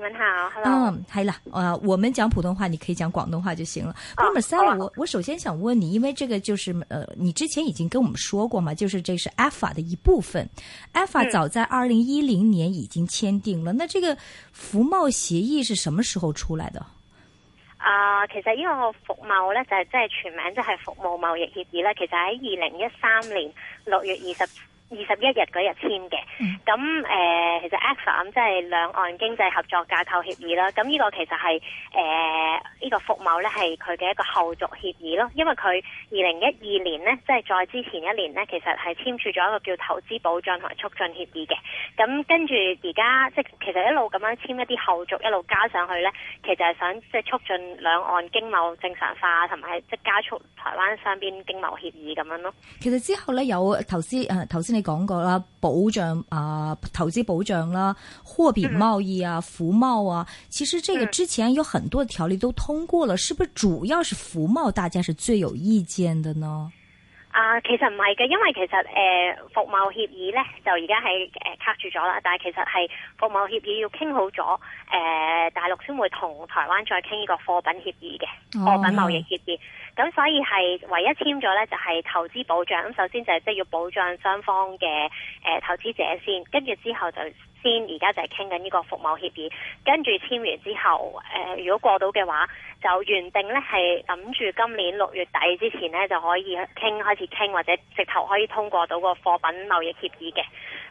你們好，Hello。嗯，係啦啊，我們講普通話，你可以講廣東話就行了。那麼，Sir，我我首先想問你，因為這個就是呃，你之前已經跟我們說過嘛，就是這是 AFA 的一部分。AFA 早在二零一零年已經簽訂了。嗯，那這個服貿協議是什麼時候出來的？啊，呃，其實呢個服貿咧就係即係全名即係服務貿易協議啦。其實喺二零一三年六月二十二十一日嗰日簽嘅，咁誒、嗯呃、其實，ECFA，即係兩岸經濟合作架構協議啦。咁呢個其實係誒，呢個服貿呢係佢嘅一個後續協議咯。因為佢二零一二年呢，即係再之前一年呢，其實係簽署咗一個叫投資保障同埋促進協議嘅。咁跟住而家即係其實一路咁樣簽一啲後續一路加上去呢，其實係想即係促進兩岸經貿正常化同埋即係加速台灣雙邊經貿協議咁樣咯。其實之後呢，有投資誒，啊，頭先你講過啦，保障啊，投資保障啦，貨幣貿易啊，mm -hmm. 服貿啊，其實這個之前有很多條例都通過了，mm -hmm. 是不是主要是服貿大家是最有意見的呢？啊，其實唔係嘅，因為其實誒、呃、服貿協議呢就而家係誒卡住咗啦，但係其實係服貿協議要傾好咗，誒、呃、大陸先會同台灣再傾呢個貨品協議嘅。oh. 貨品貿易協議。咁所以係唯一簽咗呢，就係投資保障。咁首先就係即係要保障雙方嘅、呃、投資者先，跟住之後就先，而家就係傾緊呢個服貿協議。跟住簽完之後，呃、如果過到嘅話，就原定呢係諗住今年六月底之前呢，就可以傾，開始傾，或者直頭可以通過到個貨品貿易協議嘅。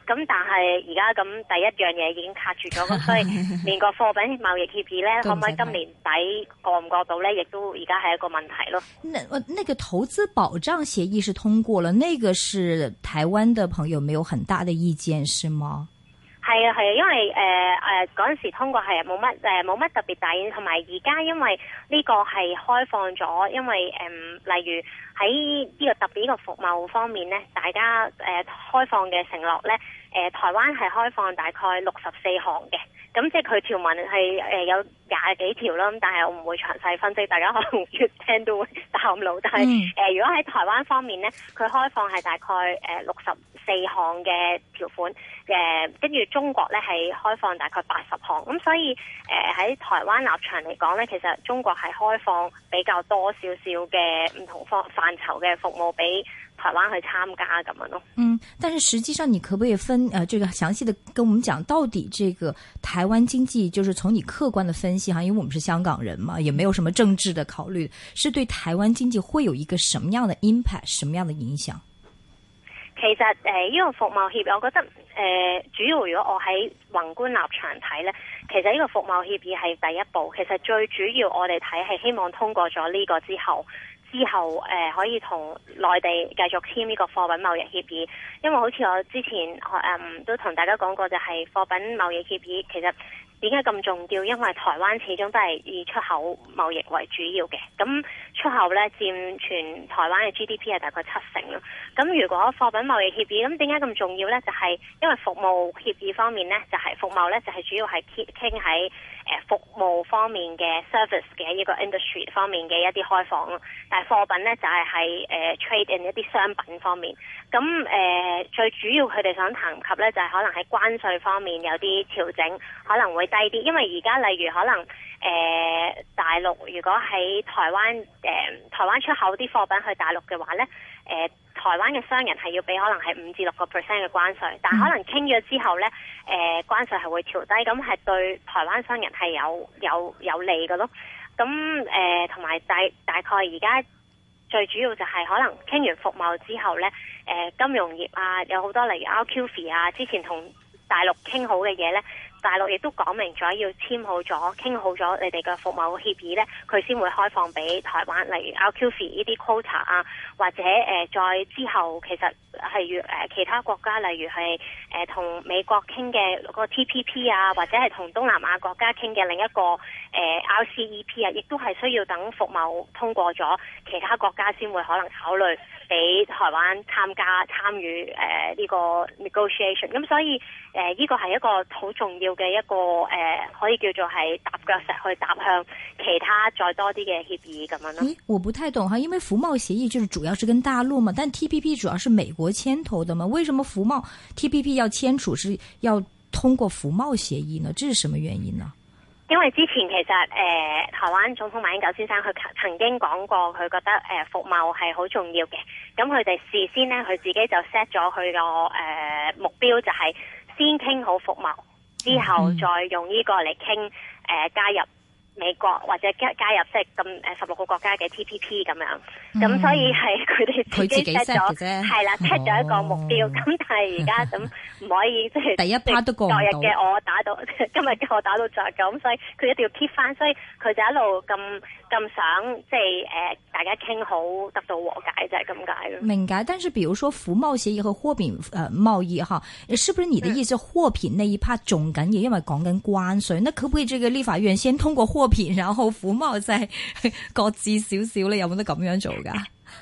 咁但係而家咁第一樣嘢已經卡住咗，咁所以連個貨品貿易協議咧，可唔可以今年底過唔過到咧，亦都而家係一個問題咯。那那個投資保障協議是通過了，那個是台灣的朋友沒有很大的意見，是嗎？係啊，係啊，因為誒誒嗰陣時通過係冇乜誒冇乜特別大，同埋而家因為呢個係開放咗，因為誒、呃、例如喺呢個特別呢個服務方面咧，大家誒、呃、開放嘅承諾咧。誒、呃、台灣係開放大概六十四項嘅，咁即係佢條文係誒、呃、有廿幾條啦。但係我唔會詳細分析，大家可能越聽都會頭腦。但係誒、嗯呃，如果喺台灣方面咧，佢開放係大概誒六十四項嘅條款嘅，跟、呃、住中國咧係開放大概八十項。咁所以誒喺、呃、台灣立場嚟講咧，其實中國係開放比較多少少嘅唔同範範疇嘅服務俾台灣去參加咁樣咯。嗯，但是實際上你可唔可以分，呃、啊，這個詳細的跟我們講，到底這個台灣經濟，就是從你客觀的分析哈、啊，因為我們是香港人嘛，也沒有什麼政治的考慮，是對台灣經濟會有一個什麼樣的 impact，什麼樣的影響？其實，誒、呃，依、這個服貿協議，我覺得，誒、呃，主要如果我喺宏觀立場睇呢，其實呢個服貿協議係第一步。其實最主要我哋睇係希望通過咗呢個之後。之後，誒、呃，可以同內地繼續簽呢個貨品貿易協議，因為好似我之前，誒、嗯，都同大家講過，就是貨，就係貨品貿易協議其實點解咁重要？因為台灣始終都係以出口貿易為主要嘅，咁出口咧占全台灣嘅 GDP 係大概七成咯。咁如果貨品貿易協議，咁點解咁重要呢？就係、是、因為服務協議方面呢就係、是、服務呢，就係、是、主要係傾喺。服務方面嘅 service 嘅一個 industry 方面嘅一啲開放咯，但係貨品呢，就係、是、喺、呃、trade in 一啲商品方面，咁誒、呃、最主要佢哋想談及呢，就係、是、可能喺關稅方面有啲調整，可能會低啲，因為而家例如可能誒、呃、大陸如果喺台灣誒、呃、台灣出口啲貨品去大陸嘅話呢。呃台灣嘅商人係要俾可能係五至六個 percent 嘅關稅，但可能傾咗之後呢，呃、關稅係會調低，咁係對台灣商人係有有有利嘅咯。咁同埋大大概而家最主要就係可能傾完服貿之後呢，呃、金融業啊有好多例如 RQF 啊，之前同大陸傾好嘅嘢呢。大陸亦都講明咗要簽好咗、傾好咗你哋嘅服貿協議呢，佢先會開放俾台灣，例如 RQF 呢啲 quota 啊，或者誒再、呃、之後其實係、呃、其他國家，例如係同、呃、美國傾嘅個 TPP 啊，或者係同東南亞國家傾嘅另一個誒、呃、RCEP 啊，亦都係需要等服貿通過咗其他國家先會可能考慮。俾台灣參加參與誒呢個 negotiation，咁、嗯、所以誒呢、呃這個係一個好重要嘅一個誒、呃、可以叫做係踏腳石去踏向其他再多啲嘅協議咁樣咯。咦，我不太懂哈，因為服貿協議就是主要是跟大陸嘛，但 T P P 主要是美國牽頭的嘛，為什麼服貿 T P P 要簽署是要通過服貿協議呢？這是什麼原因呢？因為之前其實誒、呃，台灣總統馬英九先生佢曾經講過，佢覺得誒服貿係好重要嘅。咁佢哋事先咧，佢自己就 set 咗佢個誒目標，就係先傾好服貿之後，再用呢個嚟傾誒加入美國或者加加入即係咁誒十六個國家嘅 T P P 咁樣。咁、嗯、所以係佢哋自己 set 咗，係啦 set 咗一個目標。咁、哦、但係而家咁。 唔可以即係第一 part 都過日嘅，天我打到今日嘅我打到在咁，所以佢一定要 keep 返，所以佢就一路咁咁想，即係誒、呃，大家傾好得到和解就係咁解。明解，但是比如說服貿協議和貨品誒貿易哈，是不是你的意思、嗯、貨品呢 part 仲緊要，因為講緊關稅，那可唔可以這個立法院先通過貨品，然後服貿再各自少少咧？有冇得咁樣做㗎？誒、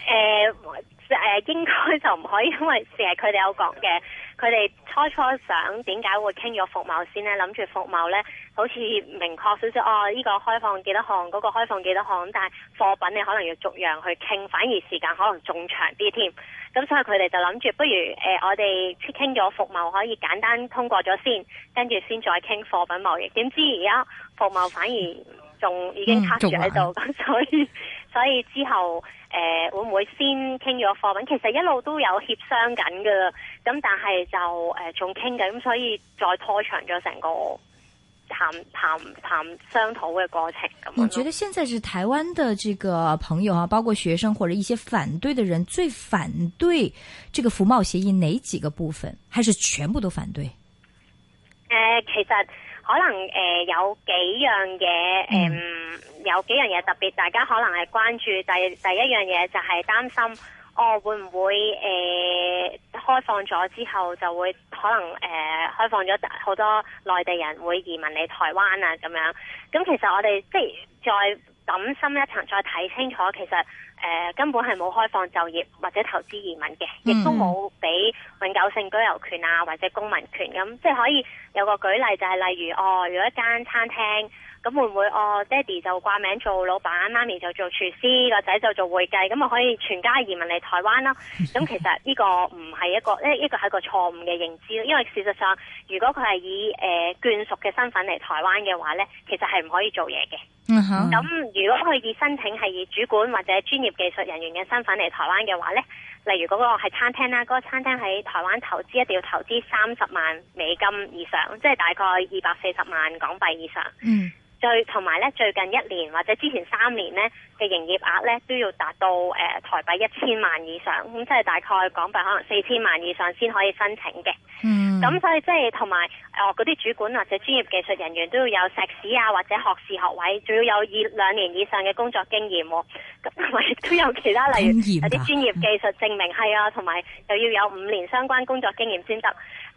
呃、誒，應、呃、該就唔可以，因為成日佢哋有講嘅。佢哋初初想點解會傾咗服貿先呢？諗住服貿呢，好似明確少少哦，呢、這個開放幾多項，嗰、那個開放幾多項，但係貨品你可能要逐樣去傾，反而時間可能仲長啲添。咁所以佢哋就諗住，不如誒、呃、我哋傾咗服貿可以簡單通過咗先，跟住先再傾貨品貿易。點知而家服貿反而仲已經卡住喺度咁，所、嗯、以。 所以之後誒、呃、會唔會先傾咗貨品？其實一路都有協商緊噶，咁但係就誒仲傾緊，所以再拖長咗成個談談談商討嘅過程咁樣。你覺得現在是台灣的這個朋友啊，包括學生或者一些反對的人，最反對這個服貿協議哪幾個部分？還是全部都反對？誒、呃，其實。可能、呃、有幾樣嘢、呃、有幾樣嘢特別，大家可能係關注。第第一樣嘢就係擔心，我、哦、會唔會、呃、開放咗之後，就會可能、呃、開放咗好多內地人會移民嚟台灣啊咁樣。咁其實我哋即係再諗深一層，再睇清楚，其實。誒、呃、根本係冇開放就業或者投資移民嘅，亦、嗯、都冇俾永久性居留權啊，或者公民權咁，即係可以有個舉例就係例如哦，如果一間餐廳。咁會唔會我爹哋就掛名做老闆，媽咪就做廚師，個仔就做會計，咁我可以全家移民嚟台灣囉？咁其實呢個唔係一個，一個係個錯誤嘅認知。因為事實上，如果佢係以誒、呃、眷屬嘅身份嚟台灣嘅話呢，其實係唔可以做嘢嘅。咁、uh-huh. 如果佢以申請係以主管或者專業技術人員嘅身份嚟台灣嘅話呢，例如嗰個係餐廳啦，嗰、嗰個餐廳喺台灣投資一定要投資三十萬美金以上，即、就、係、是、大概二百四十萬港幣以上。嗯。最同埋咧，最近一年或者之前三年咧嘅營業額咧都要達到誒、呃、台幣一千萬以上，咁、嗯、即係大概港幣可能四千萬以上先可以申請嘅。嗯，咁所以即係同埋哦，嗰啲、呃、主管或者專業技術人員都要有碩士啊或者學士學位，仲要有二兩年以上嘅工作經驗、哦，咁同埋亦都有其他例如、啊、有啲專業技術證明係啊，同埋又要有五年相關工作經驗先得。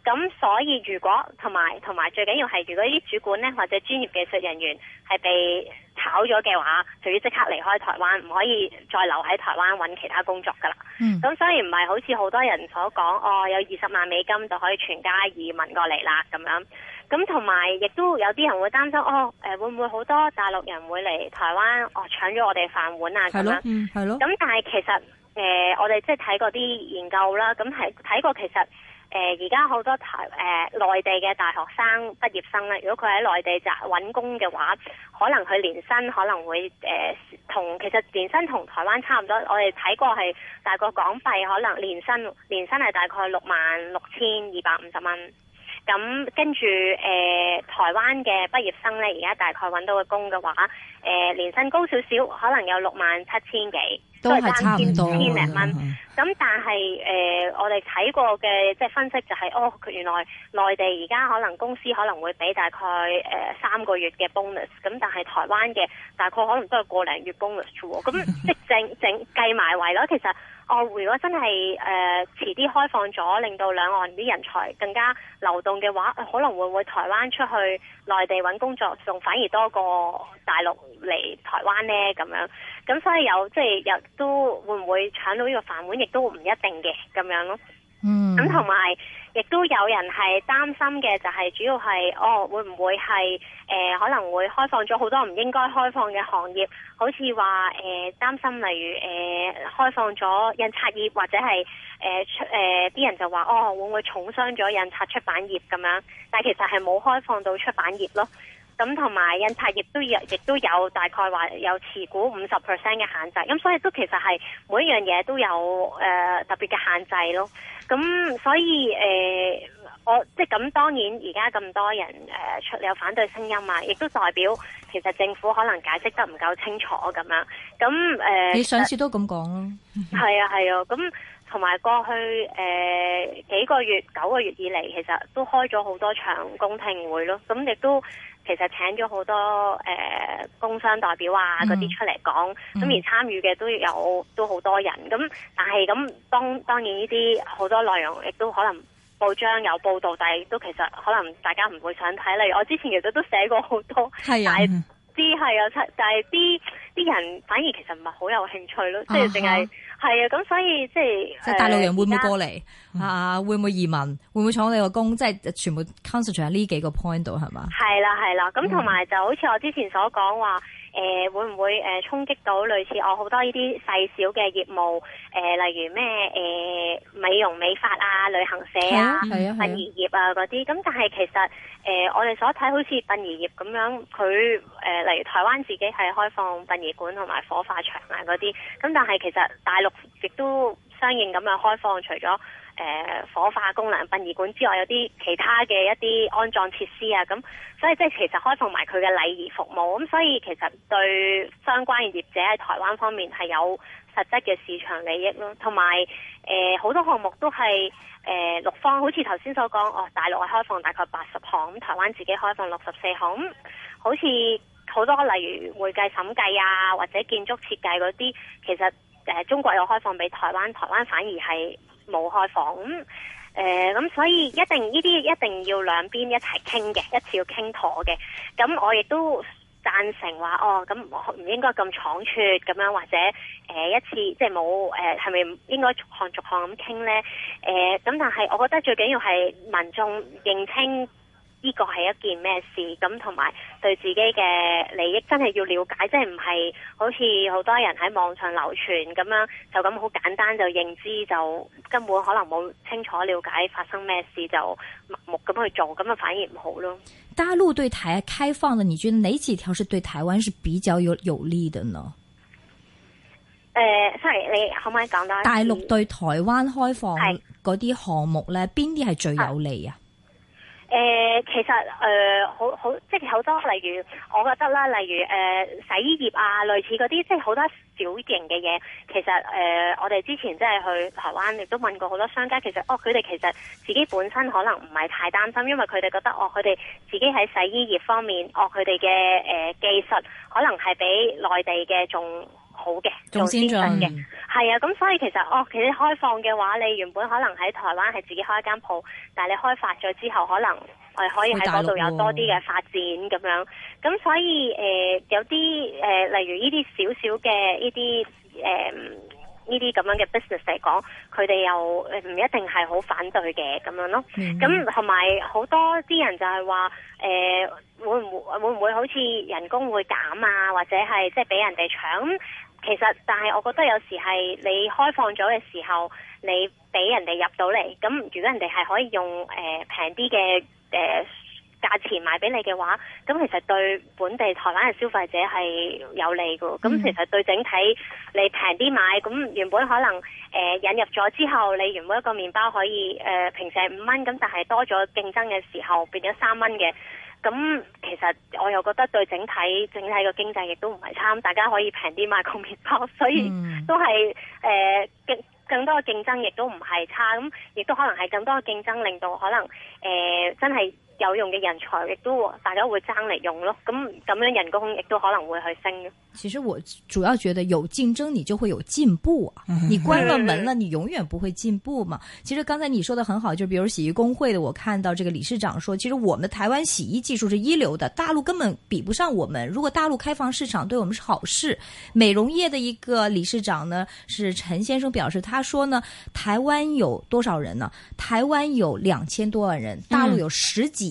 咁所以，如果同埋同埋最緊要係，如果啲主管呢或者專業技術人員係被炒咗嘅話，就要即刻離開台灣，唔可以再留喺台灣揾其他工作噶啦。咁、嗯、所以唔係好似好多人所講，哦，有二十萬美金就可以全家移民過嚟啦咁樣。咁同埋亦都有啲人會擔心，哦誒會唔會好多大陸人會嚟台灣，哦搶咗我哋飯碗啊咁樣。係咯。咁、嗯、但係其實誒、呃，我哋即係睇過啲研究啦，咁係睇過其實。誒而家好多台誒、呃、內地嘅大學生畢業生咧，如果佢喺內地就揾工嘅話，可能佢年薪可能會誒同、呃、其實年薪同台灣差唔多，我哋睇過係大概港幣，可能年薪年薪係大概六萬六千二百五十蚊。咁跟住誒，台灣嘅畢業生咧，而家大概揾到嘅工嘅話，誒、呃、年薪高少少，可能有六萬七千幾，都係差唔多千零蚊。咁、嗯、但係誒、呃，我哋睇過嘅即係分析就係、是，哦，佢原來內地而家可能公司可能會俾大概誒三個月嘅 bonus，咁但係台灣嘅大概可能都係過零月 bonus 喎。 咁即係整整計埋位咯，其實。哦，如果真係誒、呃、遲啲開放咗，令到兩岸啲人才更加流動嘅話，可能會唔會台灣出去內地揾工作，仲反而多過大陸嚟台灣呢？咁樣。咁所以有即係又都會唔會搶到呢個飯碗，亦都唔一定嘅咁樣咯。嗯，咁同埋亦都有人係擔心嘅，就係主要係哦，會唔會係誒、呃，可能會開放咗好多唔應該開放嘅行業，好似話誒擔心例如誒、呃、開放咗印刷業或者係誒、呃、出誒啲、呃、人就話哦會唔會重傷咗印刷出版業咁樣，但係其實係冇開放到出版業咯。咁同埋印刷亦都有，亦都有大概話有持股五十 percent 嘅限制，咁所以都其實係每一樣嘢都有誒、呃、特別嘅限制咯。咁所以誒、呃，我即係咁，當然而家咁多人誒、呃、出嚟有反對聲音啊，亦都代表其實政府可能解釋得唔夠清楚咁樣。咁誒、呃，你上次都咁講咯，係啊係啊。咁同埋過去誒、呃、幾個月九個月以嚟，其實都開咗好多場公聽會咯。咁亦都。其實請咗好多誒、呃、工商代表啊嗰啲、嗯、出嚟講，咁、嗯、而參與嘅都有都好多人。咁但係咁，當當然呢啲好多內容亦都可能報章有報道，但係都其實可能大家唔會想睇。例如我之前其實都寫過好多，是但係啲係有，但係啲啲人反而其實唔係好有興趣咯，即係淨係。係啊，咁所以、呃、即係即係大陸人會唔會過嚟啊？會唔會移民？嗯、會唔會闖你個工？即係全部 concentrate 喺呢幾個 point 度係嘛？係啦，係啦，咁同埋就好似我之前所講話。嗯誒、呃，會唔會誒衝擊到類似我好多呢啲細小嘅業務？誒、呃，例如咩誒、呃、美容美髮啊、旅行社啊、殯儀業、啊啊、業啊嗰啲。咁但係其實誒、呃，我哋所睇好似殯儀業咁樣，佢誒、呃，例如台灣自己係開放殯儀館同埋火化場啊嗰啲。咁但係其實大陸亦都相應咁樣開放，除咗。誒火化功能殯儀館之外，有啲其他嘅一啲安葬設施啊，咁所以即係其實開放埋佢嘅禮儀服務，咁所以其實對相關業者喺台灣方面係有實質嘅市場利益咯，同埋誒好多項目都係呃陸方好似頭先所講，哦大陸開放大概八十項，咁台灣自己開放六十四項，咁好似好多例如會計審計啊，或者建築設計嗰啲，其實、呃、中國有開放俾台灣，台灣反而係。冇開放，咁、呃，誒咁所以一定呢啲一定要兩邊一齊傾嘅，一次要傾妥嘅。咁我亦都贊成話，哦咁唔唔應該咁倉卒咁樣，或者誒、呃、一次即係冇誒係咪應該逐項逐項咁傾呢？誒、呃、咁，但係我覺得最緊要係民眾認清。呢個係一件咩事，咁，同埋對自己嘅利益真係要了解，即係唔係好似好多人喺網上流傳咁樣，就咁好簡單就認知，就根本可能冇清楚了解發生咩事，就盲目咁去做，咁啊反而唔好咯。大陸對台灣開放咧，你覺得哪幾條是對台灣是比較有有利的呢？誒、呃，sorry，你可唔可以講到？大陸對台灣開放嗰啲項目咧，邊啲係最有利啊？呃、其實誒、呃，好好，即係好多，例如我覺得啦，例如誒、呃、洗衣業啊，類似嗰啲，即係好多小型嘅嘢。其實誒、呃，我哋之前即係去台灣，亦都問過好多商家，其實哦，佢哋其實自己本身可能唔係太擔心，因為佢哋覺得哦，佢哋自己喺洗衣業方面，哦，佢哋嘅誒技術可能係比內地嘅仲好嘅，做先進嘅，係啊，咁所以其實哦，其實開放嘅話，你原本可能喺台灣係自己開一間鋪，但係你開發咗之後，可能係可以喺嗰度有多啲嘅發展咁樣。咁所以誒、呃，有啲誒、呃，例如呢啲小小嘅呢啲誒呢啲咁樣嘅 business 嚟講，佢哋又唔一定係好反對嘅咁樣咯。咁同埋好多啲人就係話誒，會唔會會唔會好似人工會減啊，或者係即係俾人哋搶？其實，但係我覺得有時係你開放咗嘅時候，你俾人哋入到嚟，咁如果人哋係可以用誒平啲嘅誒價錢買俾你嘅話，咁其實對本地台灣嘅消費者係有利嘅。咁其實對整體你平啲買，咁原本可能、呃、引入咗之後，你原本一個麵包可以誒、呃、平成五蚊，咁但係多咗競爭嘅時候，變咗三蚊嘅。咁其實我又覺得對整體整體嘅經濟亦都唔係差，大家可以平啲買個麵包，所以都係誒、嗯呃、更更多嘅競爭亦都唔係差，咁亦都可能係更多嘅競爭令到可能誒、呃、真係。有用嘅人才，亦都大家會爭嚟用咯。咁咁樣人工亦都可能會去升嘅。其實我主要覺得有競爭，你就會有進步啊！你關了門了，你永遠不會進步嘛。其實剛才你說的很好，就比如洗衣工會的，我看到這個理事長說，其實我們台灣洗衣技術是一流的，大陸根本比不上我們。如果大陸開放市場對我們是好事。美容業的一個理事長呢，是陳先生表示，他說呢，台灣有多少人呢？台灣有兩千多萬人，大陸有十幾。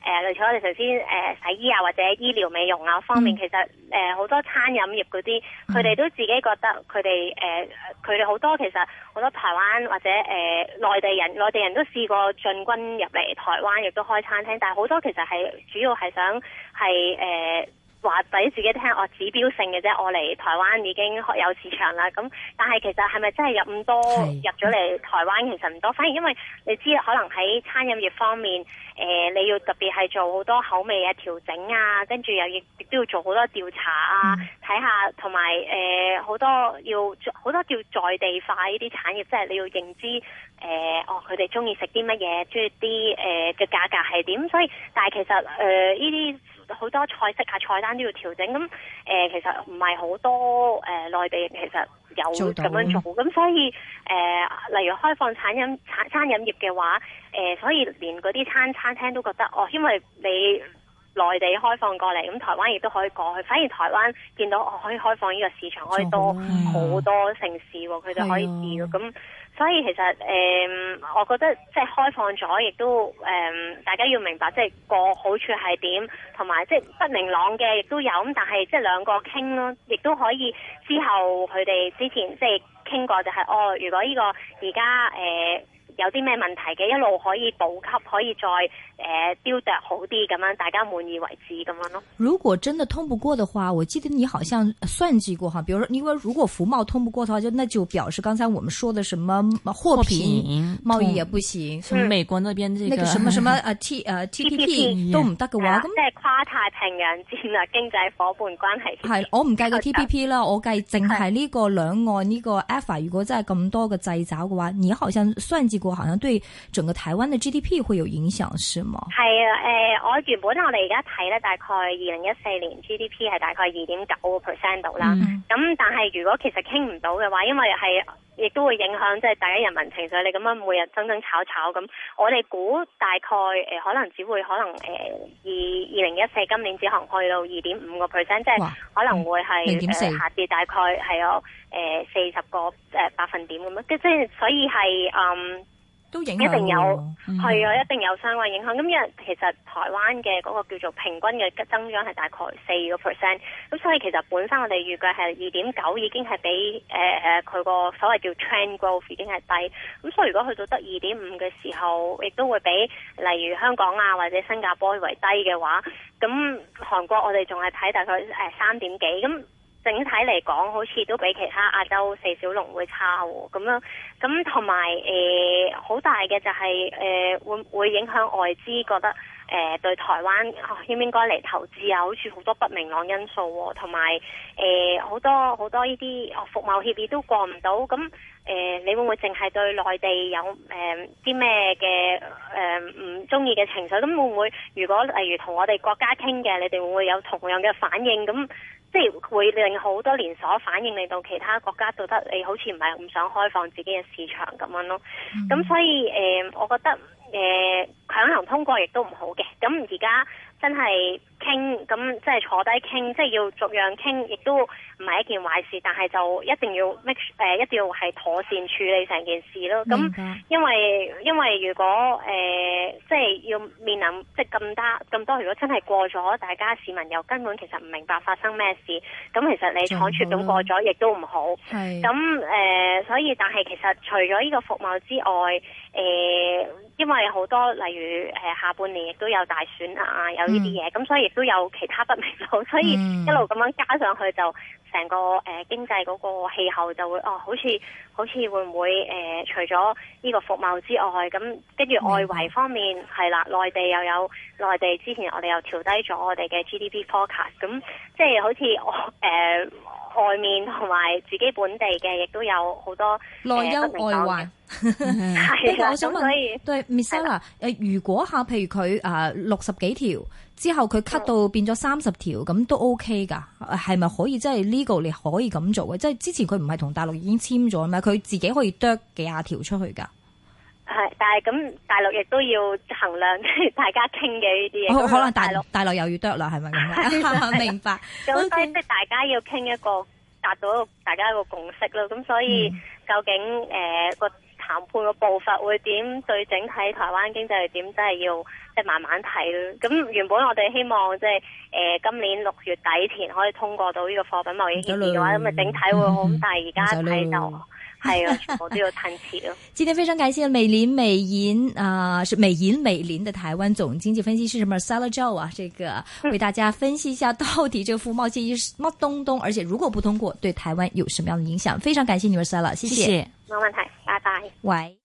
誒、呃，類似我哋頭先誒、呃、洗衣啊，或者醫療美容啊方面，嗯、其實誒好、呃、多餐飲業嗰啲，佢哋都自己覺得佢哋誒，佢哋好多其實好多台灣或者誒、呃、內地人，內地人都試過進軍入嚟台灣，亦都開餐廳，但係好多其實係主要係想係誒。話俾自己聽，我指標性嘅，啫，我嚟台灣已經開有市場啦。咁但係其實係咪真係有咁多入咗嚟台灣？其實唔多，反而因為你知可能喺餐飲業方面，誒、呃、你要特別係做好多口味嘅調整啊，跟住又亦都要做好多調查啊，睇下同埋誒好多要好多叫在地化呢啲產業，即係你要認知誒、呃，哦佢哋中意食啲乜嘢，中意啲誒嘅價格係點，所以但係其實誒呢啲。呃好多菜式啊，菜單都要調整。咁、呃、其實唔係好多、呃、內地其實有咁樣做。咁所以、呃、例如開放餐飲餐飲業嘅話、呃，所以連嗰啲餐餐廳都覺得哦，因為你內地開放過嚟，咁台灣亦都可以過去。反而台灣見到哦，可以開放呢個市場，可以多好多城市喎，佢、嗯、就可以試。咁所以其實誒、嗯，我覺得即係開放咗，亦都誒，大家要明白即係個好處係點，同埋即係不明朗嘅亦都有咁。但係即係兩個傾咯，亦都可以之後佢哋之前即係傾過、就係，就係哦，如果呢個而家誒。呃有啲咩問題嘅一路可以補給，可以再誒雕琢、呃、好啲咁樣，大家滿意為止咁樣咯。如果真的通不過的話，我記得你好像算計過哈，比如說因為如果服貿通不過嘅話，就那就表示剛才我們說的什麼貨品貿易也不行，嗯、美國嗰邊呢、這個嗯那個什麼什麼啊，啊 T、uh, TPP TPP, 嗯不 yeah. 啊 TPP 都唔得嘅話咁即係跨太平洋戰略，經濟夥伴關係係我唔計個 TPP 啦、啊，我計淨係呢個兩岸呢個 f、啊這個、f 如果真係咁多嘅掣肘嘅話，而後想雙邊。我好像對整個台灣的 GDP 會有影響，是嗎？係啊，誒、呃，我原本我哋而家睇呢，大概二零一四年 GDP 係大概二點九個 percent 度啦。咁、嗯嗯、但係如果其實傾唔到嘅話，因為係亦都會影響，即係大家人民情緒，你咁樣每日爭爭吵吵咁，我哋估大概誒、呃、可能只會可能誒二二零一四今年只行去到二點五個 percent，即係可能會係、嗯呃、零點四下跌，大概係有誒四十個誒、呃、百分點咁樣。即係所以係嗯。呃都影響，一定有，係、嗯、啊，一定有相關影響。咁因為其實台灣嘅嗰個叫做平均嘅增長係大概四個 percent，咁所以其實本身我哋預計係二點九已經係比誒誒佢個所謂叫 trend growth 已經係低，咁所以如果去到得二點五嘅時候，亦都會比例如香港啊或者新加坡為低嘅話，咁韓國我哋仲係睇大概誒三點幾咁。整體嚟講，好似都比其他亞洲四小龍會差喎、哦，咁樣咁同埋誒好大嘅就係、是、誒、呃、會唔會影響外資覺得誒、呃、對台灣、哦、應唔應該嚟投資啊？好似好多不明朗因素、哦，同埋誒好多好多呢啲、哦、服貿協議都過唔到，咁、嗯、誒、呃、你會唔會淨係對內地有誒啲咩嘅誒唔中意嘅情緒？咁、嗯、會唔會如果例如同我哋國家傾嘅，你哋會唔會有同樣嘅反應？咁、嗯？即係會令好多連鎖反應，令到其他國家覺得你好似唔係唔想開放自己嘅市場咁樣咯。咁、嗯、所以誒、呃，我覺得誒、呃、強行通過亦都唔好嘅。咁而家，真係傾咁，即係坐低傾，即係要逐樣傾，亦都唔係一件壞事。但係就一定要 make sure，呃、一定要係妥善處理成件事咯。咁因為因為如果、呃、即係要面臨即係咁多咁多，如果真係過咗，大家市民又根本其實唔明白發生咩事，咁其實你闖禍咁過咗，亦都唔好。咁、呃、所以但係其實除咗呢個服務之外，呃、因為好多例如、呃、下半年亦都有大選啊，有。呢啲嘢，咁所以亦都有其他不明數，所以一路咁樣加上去就。成個誒、呃、經濟嗰個氣候就會哦，好似好似會唔會誒、呃，除咗呢個服貿之外，咁跟住外圍方面係啦，內地又有內地之前我哋又調低咗我哋嘅 GDP forecast，咁即係好似誒、呃、外面同埋自己本地嘅，亦都有好多內憂、呃、外患。 我想問咁所以對 Miss Ella 如果下譬如佢啊、呃、六十幾條。之後佢 cut 到變咗三十條，咁、嗯、都 OK 噶，係咪可以即係呢 e 你可以咁做嘅？即係之前佢唔係同大陸已經簽咗咩？佢自己可以剁幾廿條出去㗎。係，但係咁大陸亦都要衡量，即係大家傾嘅呢啲嘢。可能大陸大陸又要剁啦，係咪咁解？是是樣啊、 明白。咁即係大家要傾一個達到大家一個共識咯。咁、嗯、所以究竟誒個。呃談判嘅步伐會點？對整體台灣經濟係點？真係要即係慢慢睇咯。咁原本我哋希望即係誒今年六月底前可以通過到呢個貨品貿易協議嘅話，咁咪整體會好，嗯。但係而家睇到係啊，我、嗯、都要褪切咯。 今天非常感謝美林美銀啊、呃，是美銀美林嘅台灣總經濟分析師 Marcella Chou 啊，這個為大家分析一下到底呢個貨貿易協議乜東東，而且如果不通過，對台灣有什麼樣的影響？非常感謝你 Marcella 謝謝。謝謝。冇問題，拜拜。喂。